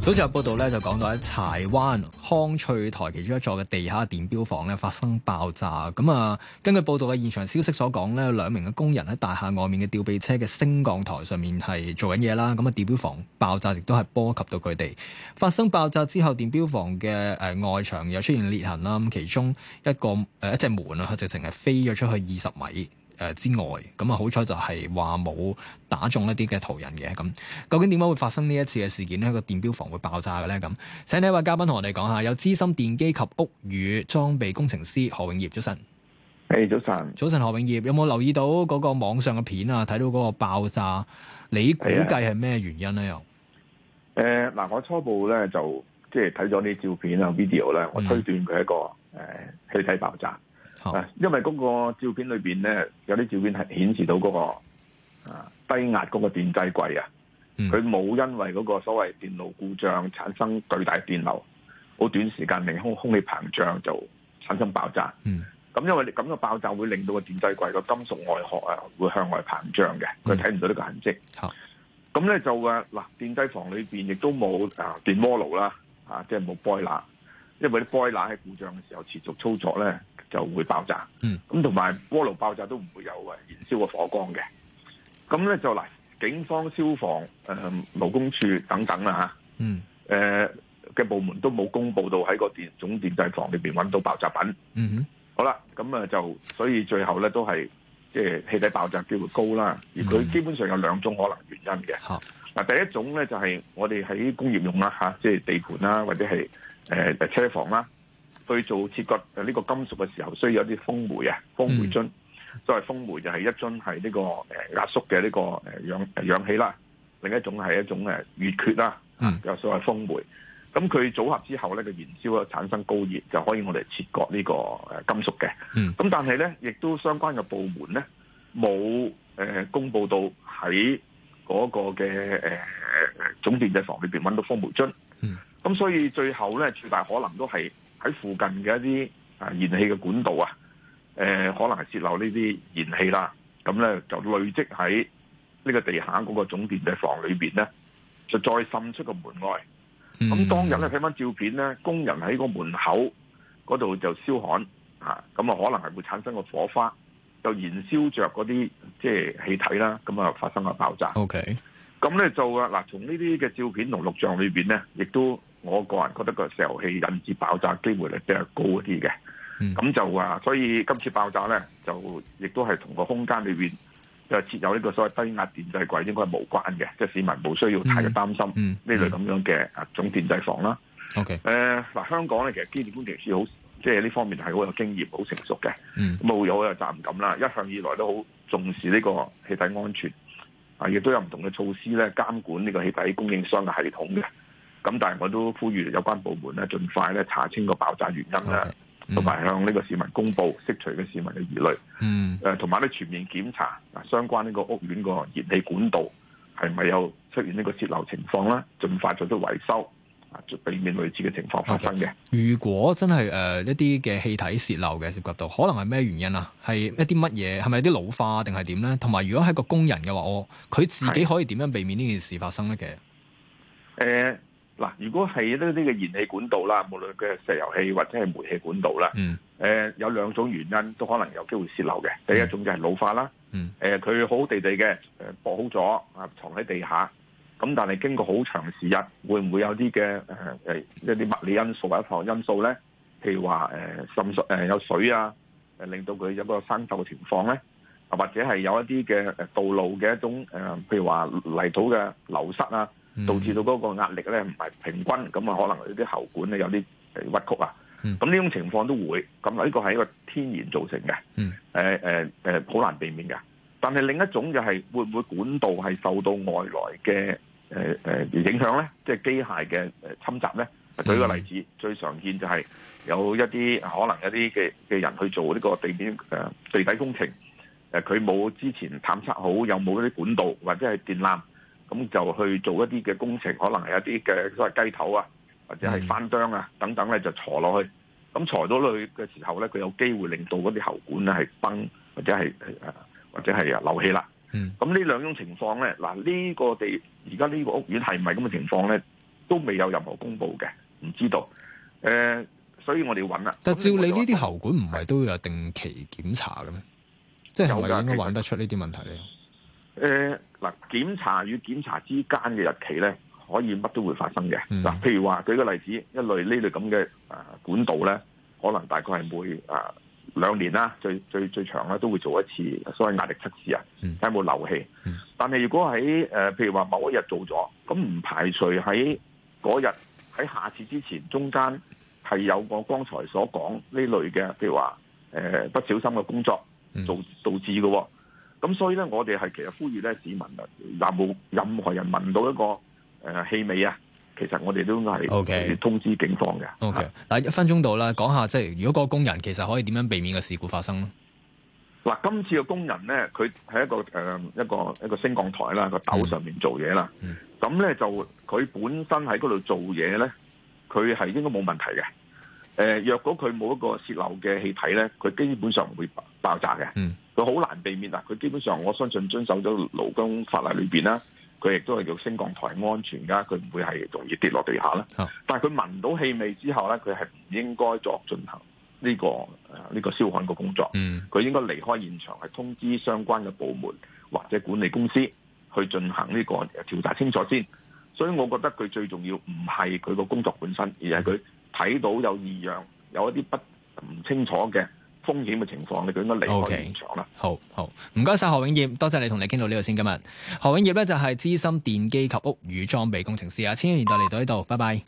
早前有報道咧，就講到喺柴灣康翠臺其中一座嘅地下電錶房咧發生爆炸。咁、嗯、啊，根據報道嘅現場消息所講咧，兩名嘅工人喺大廈外面嘅吊臂車嘅升降台上面係做緊嘢啦。咁、嗯、啊，電錶房爆炸亦都係波及到佢哋。發生爆炸之後，電錶房嘅誒、呃、外牆又出現裂痕啦。咁、嗯、其中一個誒、呃、一隻門啊，佢直情係飛咗出去二十米。.誒之外，咁啊好彩就係話冇打中一啲嘅途人嘅咁。究竟點解會發生呢一次嘅事件呢？個電錶房會爆炸嘅咧咁。請呢位嘉賓同我哋講下。有資深電機及屋宇裝備工程師何永業，早晨。誒早晨，早晨、hey, 何永業有冇留意到嗰個網上嘅片啊？睇到嗰個爆炸，你估計係咩原因咧？又誒嗱，我初步咧就即係睇咗啲照片啊 video 咧，我推斷佢一個誒氣體爆炸。啊，因為嗰個照片裏邊咧，有啲照片係顯示到嗰個啊低壓嗰個電制櫃啊，佢、嗯、冇因為嗰個所謂電路故障產生巨大電流，好短時間令空空氣膨脹就產生爆炸。咁、嗯、因為咁嘅爆炸會令到個電制櫃個金屬外殼啊會向外膨脹嘅，佢睇唔到呢個痕跡。咁、嗯、咧、嗯、就話嗱，電制房裏邊亦都冇啊電鍋爐啦，啊即係冇 boiler 因為啲 boiler 喺故障嘅時候持續操作咧。就會爆炸，咁同埋鍋爐爆炸都唔會有誒燃燒嘅火光嘅。咁咧就嚟警方、消防、誒、呃、勞工處等等啦嚇、啊。嗯，誒、呃、嘅部門都冇公佈到喺個電總電掣房裏邊揾到爆炸品。嗯，嗯好啦，咁啊就所以最後咧都係即係氣體爆炸機會高啦。而佢基本上有兩種可能原因嘅。嗱、嗯，第一種咧就係、是、我哋喺工業用啦嚇、啊，即係地盤啦或者係誒、呃、車房啦。去做切割誒呢個金屬嘅時候，需要一啲風煤啊，風煤樽，所謂風煤就係一樽係呢個誒壓縮嘅呢個誒氧氧氣啦，另一種係一種誒乙炔啦，有所謂風煤。咁、嗯、佢組合之後咧，個燃燒產生高熱，就可以我哋切割呢個誒金屬嘅。咁、嗯、但係咧，亦都相關嘅部門咧，冇誒、呃、公佈到喺嗰個嘅誒、呃、總電掣房裏邊揾到風煤樽。咁、嗯、所以最後咧，最大可能都係。喺附近嘅一啲啊燃氣嘅管道啊，誒、呃、可能係泄漏呢啲燃氣啦，咁咧就累積喺呢個地下嗰個總電力房裏邊咧，就再滲出個門外。咁當日咧睇返照片咧，工人喺個門口嗰度就燒焊嚇，咁啊那就可能係會產生個火花，就燃燒着嗰啲即係氣體啦，咁啊發生個爆炸。OK. 咁咧就啊嗱，從呢啲嘅照片同錄像裏邊咧，亦都。我個人覺得個石油氣引致爆炸機會率比較高一啲嘅，咁、嗯、就啊，所以今次爆炸咧就亦都係同個空間裏面就設有呢個所謂低壓電制櫃應該係無關嘅，即係市民冇需要太過擔心呢、嗯嗯嗯、類咁樣嘅啊總電制房啦。誒、嗯，嗱、嗯呃、香港咧其實機電工程師好，即係呢方面係好有經驗、好成熟嘅，冇、嗯、有有責任感啦，一向以來都好重視呢個氣體安全，啊亦都有唔同嘅措施咧監管呢個氣體供應商嘅系統嘅。咁但係我都呼籲有關部門咧，盡快咧查清個爆炸原因啦，同、okay. 埋、mm. 向呢個市民公布，釋除嘅市民嘅疑慮。嗯。誒，同埋咧全面檢查嗱，相關呢個屋苑個燃氣管道係咪有出現呢個泄漏情況啦？盡快做出維修，啊，避免類似嘅情況發生嘅。Okay. 如果真係誒一啲嘅氣體泄漏嘅涉及到，可能係咩原因啊？係一啲乜嘢？係咪一啲老化定係點咧？同埋，還如果係個工人嘅話，我佢自己可以點樣避免呢件事發生咧？嘅誒。呃嗱，如果係呢啲嘅燃氣管道啦，無論佢係石油氣或者係煤氣管道啦，誒、嗯呃、有兩種原因都可能有機會泄漏嘅。第一種就係老化啦，誒、呃、佢好好，的好，的好了地地嘅誒鋪好咗啊，藏喺地下，咁但係經過好長時日，會唔會有啲嘅誒一啲物理因素或者化學因素咧？譬如話誒滲水誒有水啊，誒令到佢有一個生鏽嘅情況咧，啊或者係有一啲嘅誒道路嘅一種誒、呃，譬如話泥土嘅流失啊。導致到嗰個壓力咧唔係平均，咁啊可能呢啲喉管咧有啲屈曲啊，咁、嗯、呢種情況都會，咁呢個係一個天然造成嘅，誒誒誒好難避免嘅。但係另一種就係會唔會管道係受到外來嘅誒誒影響咧，即係機械嘅誒侵襲咧？舉一個例子，嗯、最常見就係有一啲可能一啲嘅嘅人去做呢個地面誒、呃、地底工程，誒佢冇之前探測好，有冇啲管道或者係電纜？咁就去做一啲嘅工程，可能係一啲嘅所謂雞頭啊，或者係翻章啊等等咧，就鋤落去。咁鋤咗落去嘅時候咧，佢有機會令到嗰啲喉管咧係崩，或者係誒或者係啊漏氣啦。嗯。咁呢兩種情況咧，嗱、這、呢個地而家呢個屋苑係唔係咁嘅情況咧，都未有任何公布嘅，唔知道。誒、呃。所以我哋要揾啦。但照你呢啲喉管唔係都有定期檢查嘅咩？即係唔係應該揾得出呢啲問題咧？誒，嗱，檢查與檢查之間嘅日期咧，可以乜都會發生嘅。嗱、啊，譬如話，舉個例子，一類呢類咁嘅誒管道咧，可能大概係每誒、呃、兩年啦，最最最長咧都會做一次所謂壓力測試啊，睇有冇漏氣。嗯嗯、但係如果喺誒、呃、譬如話某一日做咗，咁唔排除喺嗰日喺下次之前中間係有我剛才所講呢類嘅，譬如話誒、呃、不小心嘅工作導導致嘅喎。咁所以咧，我哋係其實呼籲咧市民啊，有冇任何人聞到一個、呃、氣味啊？其實我哋都係、okay. 通知警方嘅。OK，嗱、啊、一分鐘到啦，講下即係如果個工人其實可以點樣避免嘅事故發生咧？嗱，今次嘅工人咧，佢喺一個誒、呃、一個一個一個升降台啦，個斗上面做嘢啦。咁、嗯、咧就佢本身喺嗰度做嘢咧，佢係應該冇問題嘅、呃。若果佢冇一個泄漏嘅氣體咧，佢基本上唔會爆炸嘅。嗯。佢好難避免嗱，佢基本上我相信遵守咗勞工法例裏邊啦，佢亦都係叫升降台安全噶，佢唔會係容易跌落地下啦。但係佢聞到氣味之後咧，佢係唔應該作進行呢個呢個燒焊嘅工作。嗯，佢應該離開現場，係通知相關嘅部門或者管理公司去進行呢個調查清楚先。所以我覺得佢最重要唔係佢個工作本身，而係佢睇到有異樣，有一啲不唔清楚嘅。風險嘅情況，你覺得應該離開現場啦，okay。好好，唔該晒。何永業，多謝你同我哋傾到呢度先。今日何永業咧就係資深電機及屋宇裝備工程師啊，千禧年代嚟到呢度，拜拜。